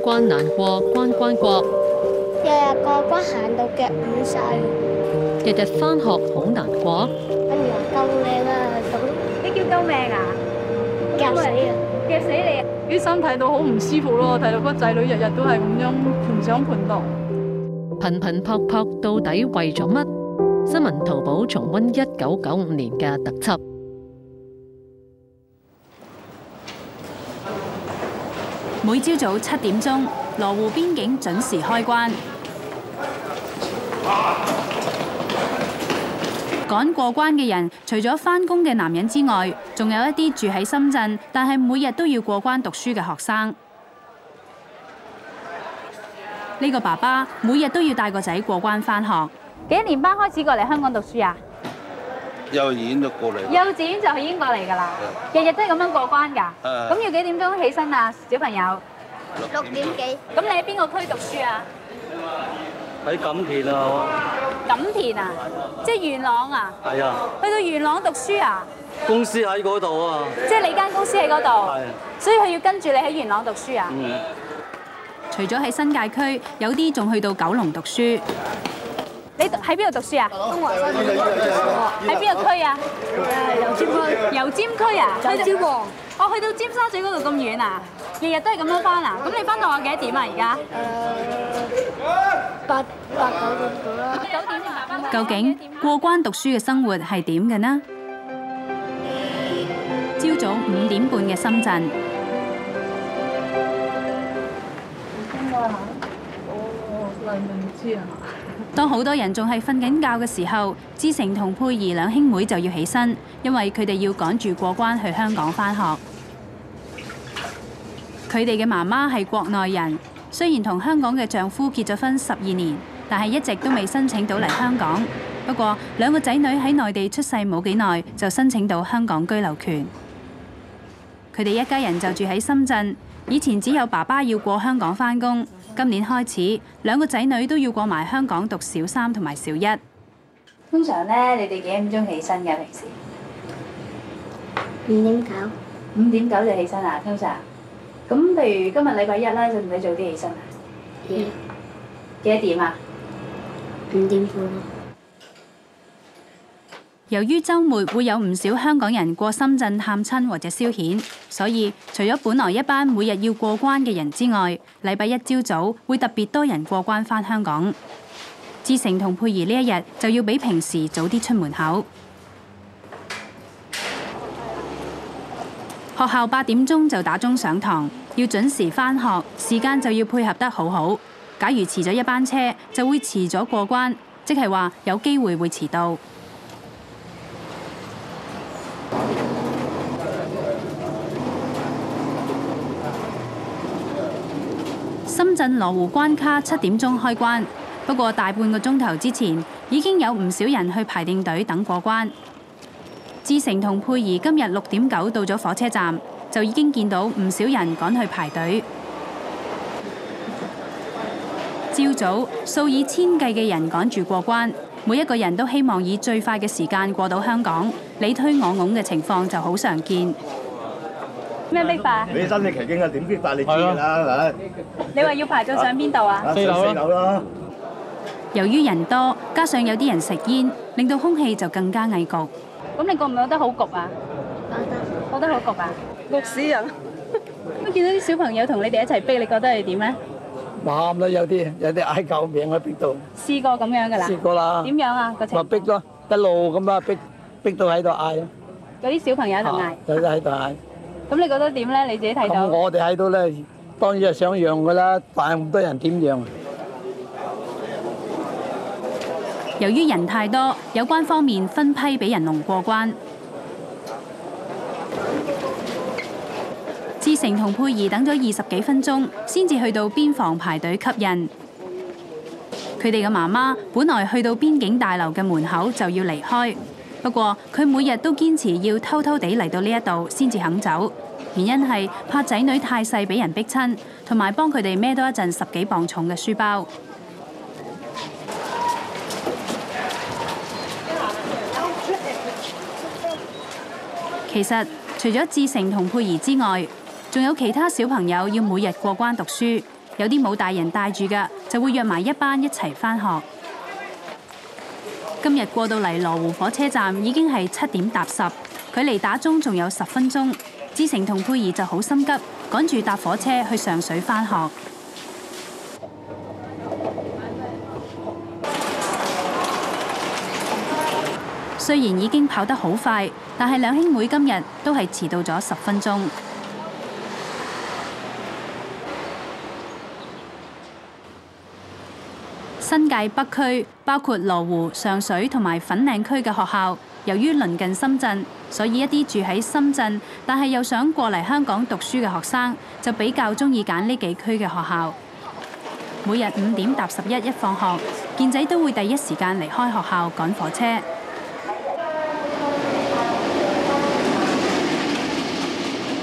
關難過，關關過。日日過關行到腳軟晒。日日返學好難過。哎呀，夠靚啦，你叫救命啊！夾死啊！夾死你！啲心睇到好唔舒服咯，睇到個仔女日日都係咁樣盤上盤落。頻頻撲撲到底為咗乜？新聞掏寶重溫一九九五年嘅特輯。每朝早七點鐘，羅湖邊境準時開關。趕過關嘅人，除咗返工嘅男人之外，仲有一啲住喺深圳，但係每日都要過關讀書嘅學生。呢個爸爸每日都要帶個仔過關返學。幾年班開始過嚟香港讀書啊？幼稚園就已經過嚟㗎啦，日日都係咁樣過關㗎，咁要幾點鐘起身啊，小朋友？你喺邊度讀書啊？東華三院讀書喎。喺邊個區啊？誒，油尖區。油尖區啊？去尖旺。我去到尖沙咀嗰度咁遠啊？日日都係咁樣翻啊？咁你翻到我幾點啊？而家？誒，八八九點到啦。九點先八點啦。究竟過關讀書嘅生活係點嘅呢？朝早五點半嘅深圳。好辛苦啊！哦，黎明之行。當好多人仲係瞓緊覺嘅時候，志成同佩儀兩兄妹就要起身，因為佢哋要趕住過關去香港返學。佢哋嘅媽媽係國內人，雖然同香港嘅丈夫結咗婚十二年，但係一直都未申請到嚟香港。不過兩個仔女喺內地出世冇幾耐，就申請到香港居留權。佢哋一家人就住喺深圳。以前只有爸爸要過香港返工。今年開始，兩個仔女都要過埋香港讀小三同埋小一。通常咧，你哋幾點鐘起身嘅平時？五點九。五點九就起身啊，通常。咁譬如今日禮拜一咧，就唔使早啲起身啊？要。幾點啊？五點半。由於週末會有唔少香港人過深圳探親或者消遣，所以除咗本來一班每日要過關嘅人之外，禮拜一朝早會特別多人過關返香港。志成同佩儀呢一日就要比平時早啲出門口。學校八點鐘就打鐘上堂，要準時返學，時間就要配合得好好。假如遲咗一班車，就會遲咗過關，即係話有機會會遲到。深圳羅湖關卡七點鐘開關，不過大半個鐘頭之前已經有唔少人去排定隊等過關。志成同佩儀今日六點九到咗火車站，就已經見到唔少人趕去排隊。朝早數以千計嘅人趕住過關，每一個人都希望以最快嘅時間過到香港，你推我拱嘅情況就好常見。咩逼法？你身體奇勁啊！點逼法你知啦，係。你話要排到上邊度啊？四樓咯。由於人多，加上有啲人食煙，令到空氣就更加翳焗。咁你覺唔覺得好焗啊？覺得覺得好焗啊！焗死人。咁見到啲小朋友同你哋一齊逼，你覺得係點咧？喊啦！有啲有啲嗌救命喺邊度？試過咁樣噶啦。試過啦。點樣啊？個情況。咪逼咯！得路咁啊！逼逼到喺度嗌咯。有啲小朋友喺度嗌。有啲喺度嗌。咁你覺得點呢？你自己睇到。我哋睇到呢，當然係想讓嘅啦，但咁多人點讓？由於人太多，有關方面分批俾人龍過關。志成同佩儀等咗二十幾分鐘，先至去到邊防排隊吸引。佢哋嘅媽媽本來去到邊境大樓嘅門口就要離開。不過，佢每日都堅持要偷偷地嚟到呢一度先至肯走，原因係怕仔女太細俾人逼親，同埋幫佢哋孭多一陣十幾磅重嘅書包。其實，除咗志成同佩兒之外，仲有其他小朋友要每日過關讀書，有啲冇大人帶住嘅，就會約埋一班一齊返學。今日過到嚟羅湖火車站已經係七點搭十，距離打鐘仲有十分鐘，志成同佩兒就好心急，趕住搭火車去上水返學。嗯。雖然已經跑得好快，但係兩兄妹今日都係遲到咗十分鐘。新界北區包括羅湖、上水同埋粉嶺區嘅學校，由於鄰近深圳，所以一啲住喺深圳但係又想過嚟香港讀書嘅學生，就比較中意揀呢幾區嘅學校。每日五點搭十一一放學，健仔都會第一時間離開學校趕火車。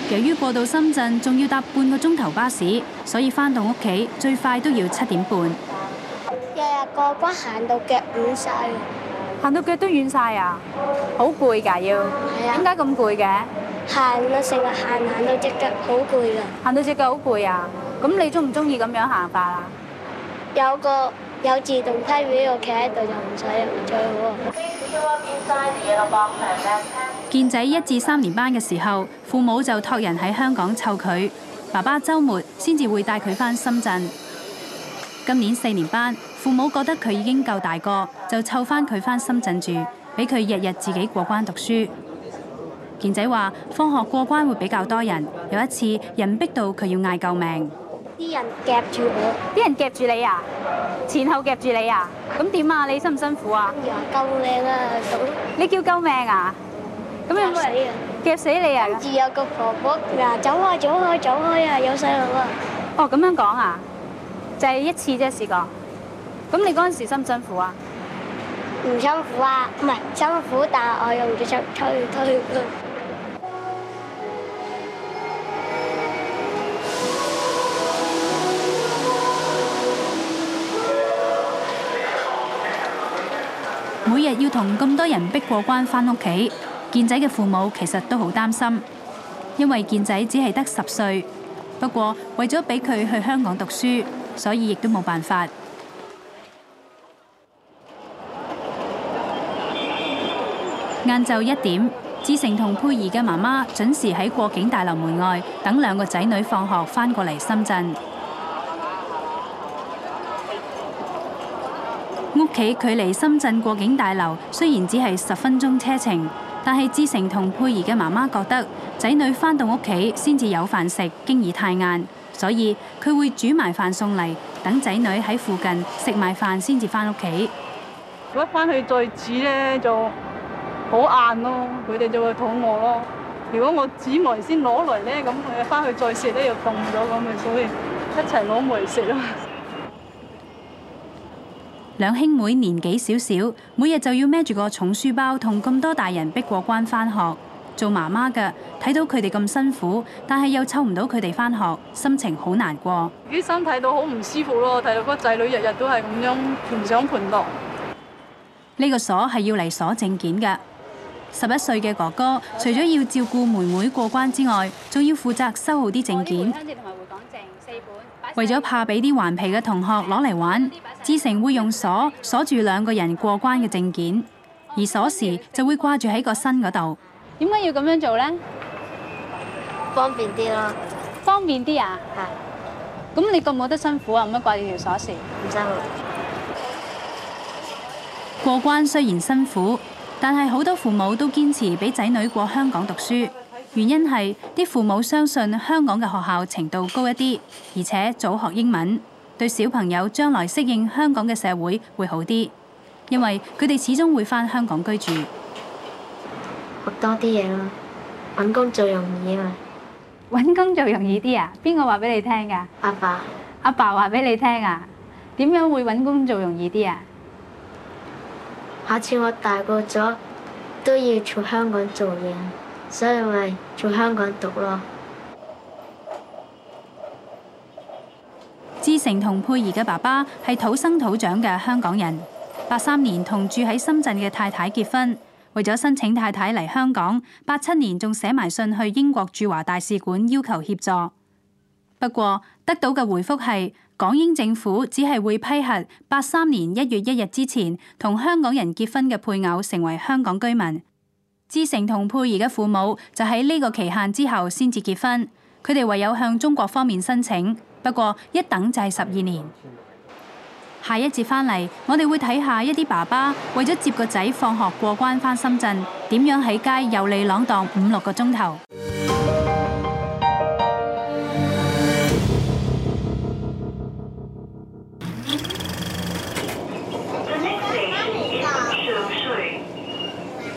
由於過到深圳仲要搭半個鐘頭巴士，所以返到屋企最快都要七點半。日日個骨行到腳軟晒，行到腳都軟晒啊！好攰㗎，要點解咁攰嘅？行啊，成日行行到隻腳好攰啊！行到隻腳好攰啊！咁你中唔中意咁樣行法啊？有個有自動梯俾我，企喺度就唔使再喎。健仔一至三年班嘅時候，父母就託人喺香港湊佢，爸爸週末先至會帶佢返深圳。今年四年班。父母覺得佢已經夠大個，就湊翻佢翻深圳住，俾佢日日自己過關讀書。賢仔話，放學過關會比較多人，有一次人逼到佢要嗌救命。啲人夾住我，啲人夾住你啊，前後夾住你啊，咁點啊？你辛唔辛苦啊？啊夠靚啊，走！你叫救命啊？咁樣死啊！夾死你啊！好似有個婆婆，走啊走開、啊、走開、啊、走開啊！有細路啊！哦咁樣講啊？就係、是、一次啫，試過。咁你嗰陣時辛唔辛苦啊？唔辛苦啊，唔係辛苦，但係我用隻手推推佢。每日要同咁多人逼過關返屋企，健仔嘅父母其實都好擔心，因為健仔只係得十歲。不過為咗俾佢去香港讀書，所以亦都冇辦法。晏晝一點，志成同佩儀嘅媽媽準時喺過境大樓門外等兩個仔女放學返過嚟深圳。屋企距離深圳過境大樓雖然只係十分鐘車程，但係志成同佩儀嘅媽媽覺得仔女返到屋企先至有飯食，經已太晏，所以佢會煮埋飯送嚟，等仔女喺附近食埋飯先至返屋企。如果翻去再煮呢，就。好晏咯，佢哋就會肚餓咯。如果我煮梅先攞嚟呢，咁佢翻去再食呢又凍咗咁啊，所以一齊攞梅食咯。兩兄妹年紀少少，每日就要孭住個重書包，同咁多大人逼過關返學。做媽媽嘅睇到佢哋咁辛苦，但係又湊唔到佢哋返學，心情好難過。啲身睇到好唔舒服咯，睇到個仔女日日都係咁樣盤上盤落。呢個鎖係要嚟鎖證件嘅。十一歲嘅哥哥，除咗要照顧妹妹過關之外，仲要負責收好啲證件。為咗怕俾啲頑皮嘅同學攞嚟玩，志成會用鎖鎖住兩個人過關嘅證件，而鎖匙就會掛住喺個身嗰度。點解要咁樣做呢？方便啲咯。方便啲啊？係。咁你覺唔覺得辛苦啊？唔好掛住條鎖匙。唔辛苦，過關雖然辛苦。但係好多父母都堅持俾仔女過香港讀書，原因係啲父母相信香港嘅學校程度高一啲，而且早學英文，對小朋友將來適應香港嘅社會會好啲，因為佢哋始終會翻香港居住。學多啲嘢咯，揾工做容易啊嘛，揾工做容易啲啊？邊個話俾你聽㗎？阿爸，阿爸話俾你聽啊？點樣會揾工做容易啲啊？下次我大個咗都要喺香港做嘢，所以咪喺香港讀咯。志成同佩儀嘅爸爸係土生土長嘅香港人，八三年同住喺深圳嘅太太結婚，為咗申請太太嚟香港，八七年仲寫埋信去英國駐華大使館要求協助，不過得到嘅回覆係。港英政府只係會批核八三年一月一日之前同香港人結婚嘅配偶成為香港居民。志成同佩兒嘅父母就喺呢個期限之後先至結婚，佢哋唯有向中國方面申請，不過一等就係十二年。下一節翻嚟，我哋會睇下一啲爸爸為咗接個仔放學過關翻深圳，點樣喺街遊離浪蕩五六個鐘頭。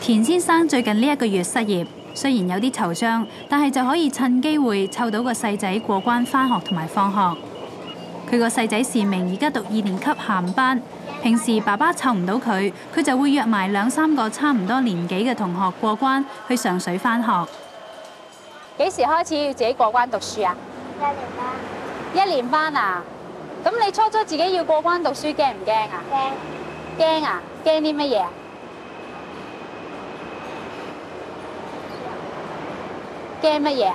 田先生最近呢一個月失業，雖然有啲惆悵，但係就可以趁機會湊到個細仔過關翻學同埋放學。佢個細仔善明而家讀二年級下午班，平時爸爸湊唔到佢，佢就會約埋兩三個差唔多年紀嘅同學過關去上水翻學。幾時開始要自己過關讀書啊？一年班。一年班啊？咁你初初自己要過關讀書驚唔驚啊？驚。驚啊？驚啲乜嘢？驚乜嘢？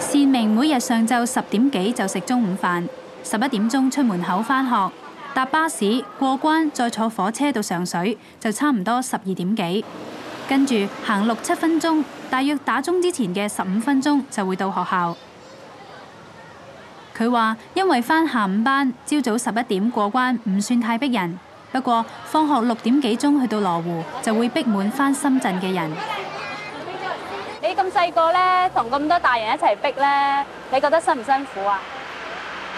善明每日上晝十點幾就食中午飯，十一點鐘出門口返學，搭巴士過關，再坐火車到上水，就差唔多十二點幾。跟住行六七分鐘，大約打鐘之前嘅十五分鐘就會到學校。佢話因為返下午班，朝早十一點過關，唔算太逼人。不過放學六點幾鐘去到羅湖，就會逼滿翻深圳嘅人。你咁細個咧，同咁多大人一齊逼咧，你覺得辛唔辛苦啊？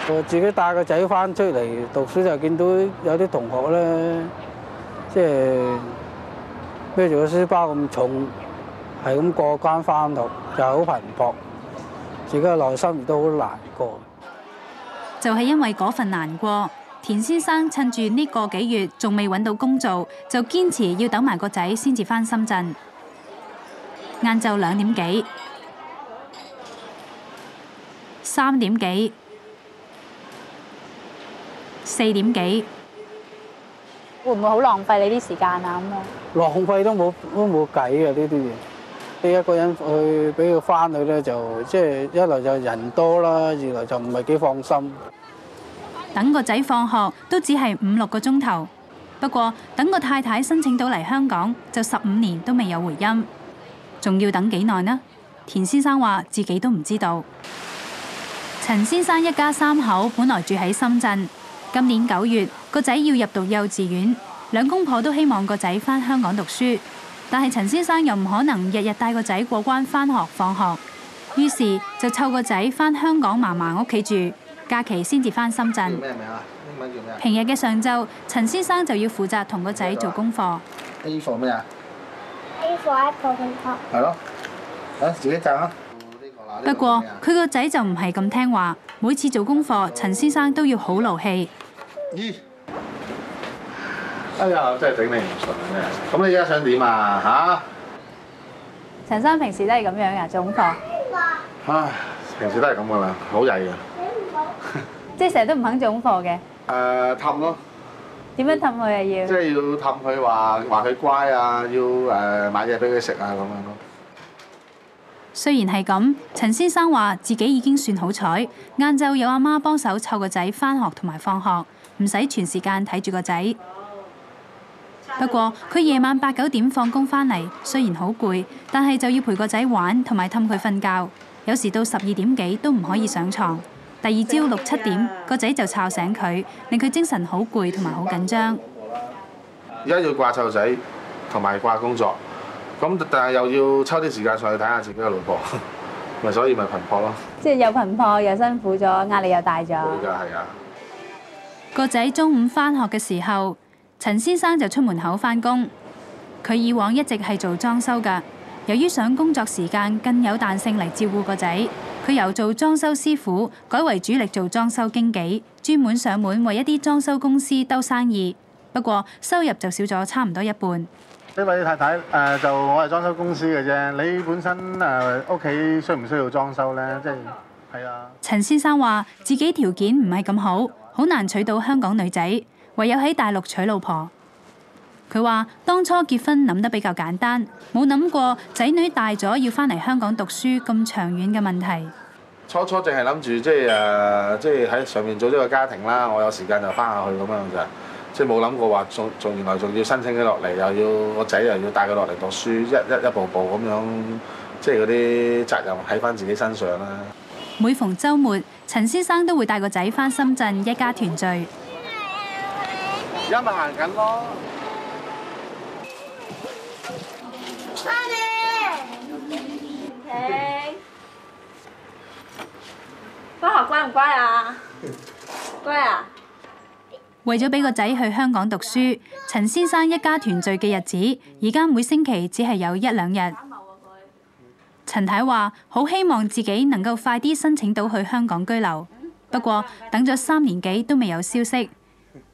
我自己帶個仔翻出嚟讀書，就見到有啲同學咧，即係孭住個書包咁重，係咁過關翻學，就好頻撲，自己嘅內心都好難過。就係、是、因為嗰份難過。田先生趁住呢個幾月仲未搵到工做，就堅持要等埋個仔先至翻深圳。等個仔放學都只係五六個鐘頭，不過等個太太申請到嚟香港就十五年都未有回音，仲要等幾耐呢？田先生話自己都唔知道。陳先生一家三口本來住喺深圳，今年九月個仔要入讀幼稚園，兩公婆都希望個仔返香港讀書，但係陳先生又唔可能日日帶個仔過關返學放學，於是就湊個仔返香港嫲嫲屋企住。假期先至翻深圳。平日嘅上晝，陳先生就要負責同個仔做功課。A 課咩啊？A 課一係咯，啊自己執啊。不過佢個仔就唔係咁聽話，每次做功課，陳先生都要好勞氣。哎呀，真係頂你唔順嘅。咁你而家想點啊？嚇？陳生平時都係咁樣啊？做功課。啊，平時都係咁噶啦，好曳噶。即係成日都唔肯做功課嘅。誒、呃、氹咯。點樣氹佢啊？即要即係要氹佢話話佢乖啊，要誒、呃、買嘢俾佢食啊咁樣咯。雖然係咁，陳先生話自己已經算好彩，晏晝有阿媽，媽幫手湊個仔翻學同埋放學，唔使全時間睇住個仔。不過佢夜晚上八九點放工翻嚟，雖然好攰，但係就要陪個仔玩同埋氹佢瞓覺，有時到十二點幾都唔可以上床。第二朝六七點，嗯，個仔就吵醒佢，令佢精神好攰同埋好緊張。而家要掛臭仔，同埋掛工作，咁但係又要抽啲時間上去睇下自己嘅老婆，咪所以咪頻撲咯。即係又頻撲，又辛苦咗，壓力又大咗。係啊！個仔中午返學嘅時候，陳先生就出門口返工。佢以往一直係做裝修㗎，由於想工作時間更有彈性嚟照顧個仔。佢由做裝修師傅改為主力做裝修經紀，專門上門為一啲裝修公司兜生意。不過收入就少咗差唔多一半。呢位太太，呃，就我係裝修公司嘅啫。你本身誒屋企需唔需要裝修咧？即係，係啊。陳先生話：自己條件唔係咁好，好難娶到香港女仔，唯有喺大陸娶老婆。佢話：當初結婚諗得比較簡單，冇諗過仔女大咗要翻嚟香港讀書咁長遠嘅問題。初初淨係諗住即係誒，即係喺上面組織個家庭啦。我有時間就翻下去咁樣就，即係冇諗過話仲仲原來仲要申請佢落嚟，又要個仔又要帶佢落嚟讀書，一一一步步咁樣，即係嗰啲責任喺翻自己身上啦。每逢週末，陳先生都會帶個仔翻深圳一家團聚。而家咪行緊咯。返學乖唔乖啊？乖啊！為咗俾個仔去香港讀書，陳先生一家團聚嘅日子，而家每星期只係有一兩日、啊。陳太話：好希望自己能夠快啲申請到去香港居留，啊、不過、啊、等咗三年幾都未有消息。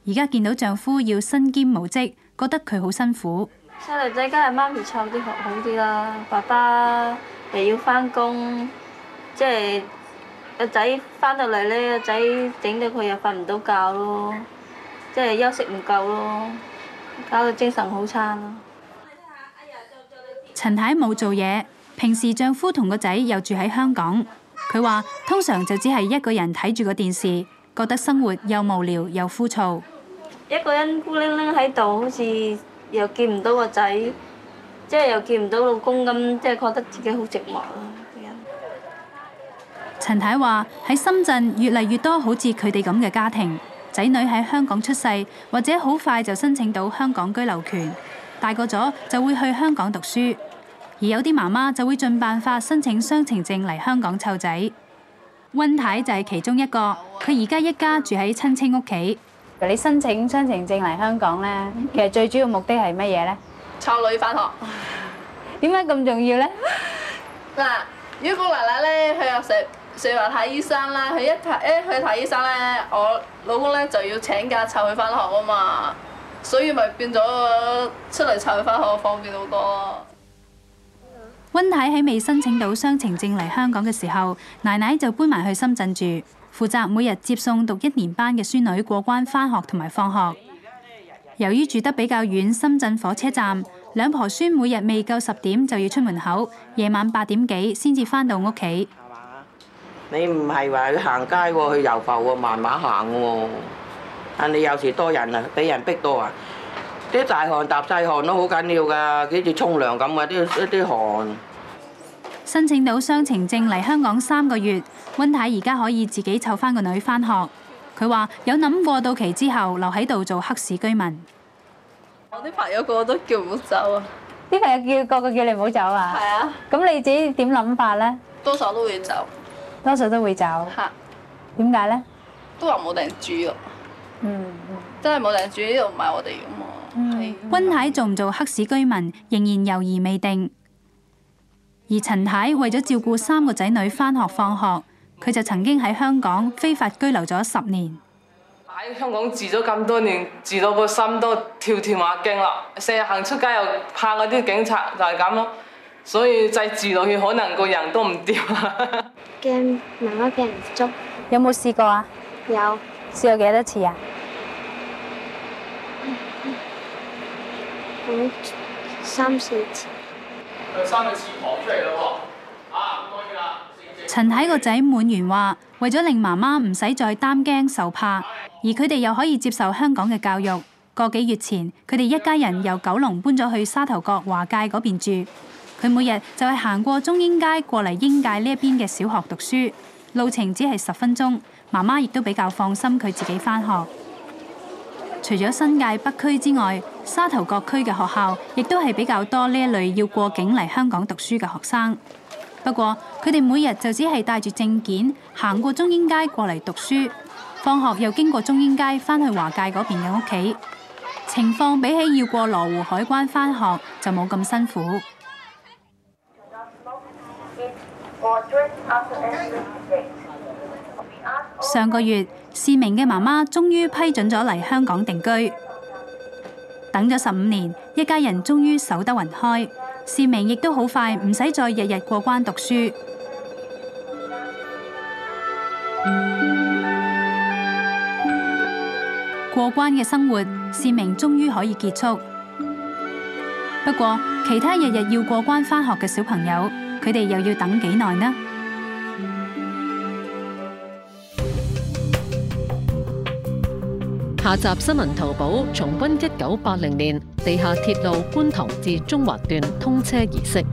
而家見到丈夫要身兼母職，覺得佢好辛苦。細路仔梗係媽咪湊啲學好啲啦，爸爸又要返工，即係。個仔翻到嚟呢，個仔整到佢又瞓唔到覺咯，即係休息唔夠咯，搞到精神好差咯。陳太冇做嘢，平時丈夫同個仔又住喺香港，佢話通常就只係一個人睇住個電視，覺得生活又無聊又枯燥。一個人孤零零喺度，好似又見唔到個仔，即係又見唔到老公咁，即係覺得自己好寂寞咯。陳太話：喺深圳越嚟越多好似佢哋咁嘅家庭，仔女喺香港出世，或者好快就申請到香港居留權，大個咗就會去香港讀書。而有啲媽媽就會盡辦法申請雙程證嚟香港湊仔。温太就係其中一個，佢而家一家住喺親戚屋企。你申請雙程證嚟香港咧，其實最主要目的係乜嘢呢？湊女返學。點解咁重要呢？嗱，如果奶奶咧去又食，成日話睇醫生啦，佢一睇誒，佢去睇醫生咧，我老公咧就要請假湊佢翻學啊嘛，所以咪變咗出嚟湊佢翻學方便好多。温太喺未申請到雙程證嚟香港嘅時候，奶奶就搬埋去深圳住，負責每日接送讀一年班嘅孫女過關翻學同埋放學。由於住得比較遠，深圳火車站，兩婆孫每日未夠十點就要出門口，夜晚八點幾先至翻到屋企。你唔係話去行街喎，去遊浮喎，慢慢行喎。但你有時多人啊，俾人逼到啊，啲大汗搭細汗都好緊要㗎，好似沖涼咁啊！啲啲汗。申請到雙程證嚟香港三個月，温太而家可以自己湊翻個女翻學。佢話有諗過到期之後留喺度做黑市居民。我啲朋友個個都叫唔好走啊！啲朋友叫個個叫你唔好走啊？係啊！咁你自己點諗法咧？多數都會走。多數都會走，嚇點解咧？都話冇人住咯，嗯，嗯，真係冇人住，呢度唔係我哋嘅嘛。温、嗯哎、太，太做唔做黑市居民，仍然猶豫未定。而陳太，太為咗照顧三個仔女返學放學，佢就曾經喺香港非法居留咗十年。喺香港住咗咁多年，住到個心都跳跳下驚啦，成日行出街又怕嗰啲警察就這樣，就係咁咯。所以制住落去，可能個人都唔掂啊！驚媽媽俾人捉，有冇試過啊？有試過幾多次啊？嗯、三四次。佢生咗翅膀出嚟咯喎！啊唔該㗎，謝謝。陳太個仔滿元話：為咗令媽媽唔使再擔驚受怕，而佢哋又可以接受香港嘅教育。個幾月前，佢哋一家人由九龍搬咗去沙頭角華界嗰邊住。佢每日就係行過中英街過嚟英界呢一邊嘅小學讀書，路程只係十分鐘。媽媽亦都比較放心佢自己返學。除咗新界北區之外，沙頭角區嘅學校亦都係比較多呢一類要過境嚟香港讀書嘅學生。不過佢哋每日就只係帶住證件行過中英街過嚟讀書，放學又經過中英街返去華界嗰邊嘅屋企。情況比起要過羅湖海關返學就冇咁辛苦。上個月，善明嘅媽媽終於批准咗嚟香港定居。等咗十五年，一家人終於守得雲開。善明亦都好快唔使再日日過關讀書。過關嘅生活，善明終於可以結束。不過，其他日日要過關返學嘅小朋友。佢哋又要等幾耐呢？下集新聞掏寶重溫一九八零年地下鐵路觀塘至中環段通車儀式。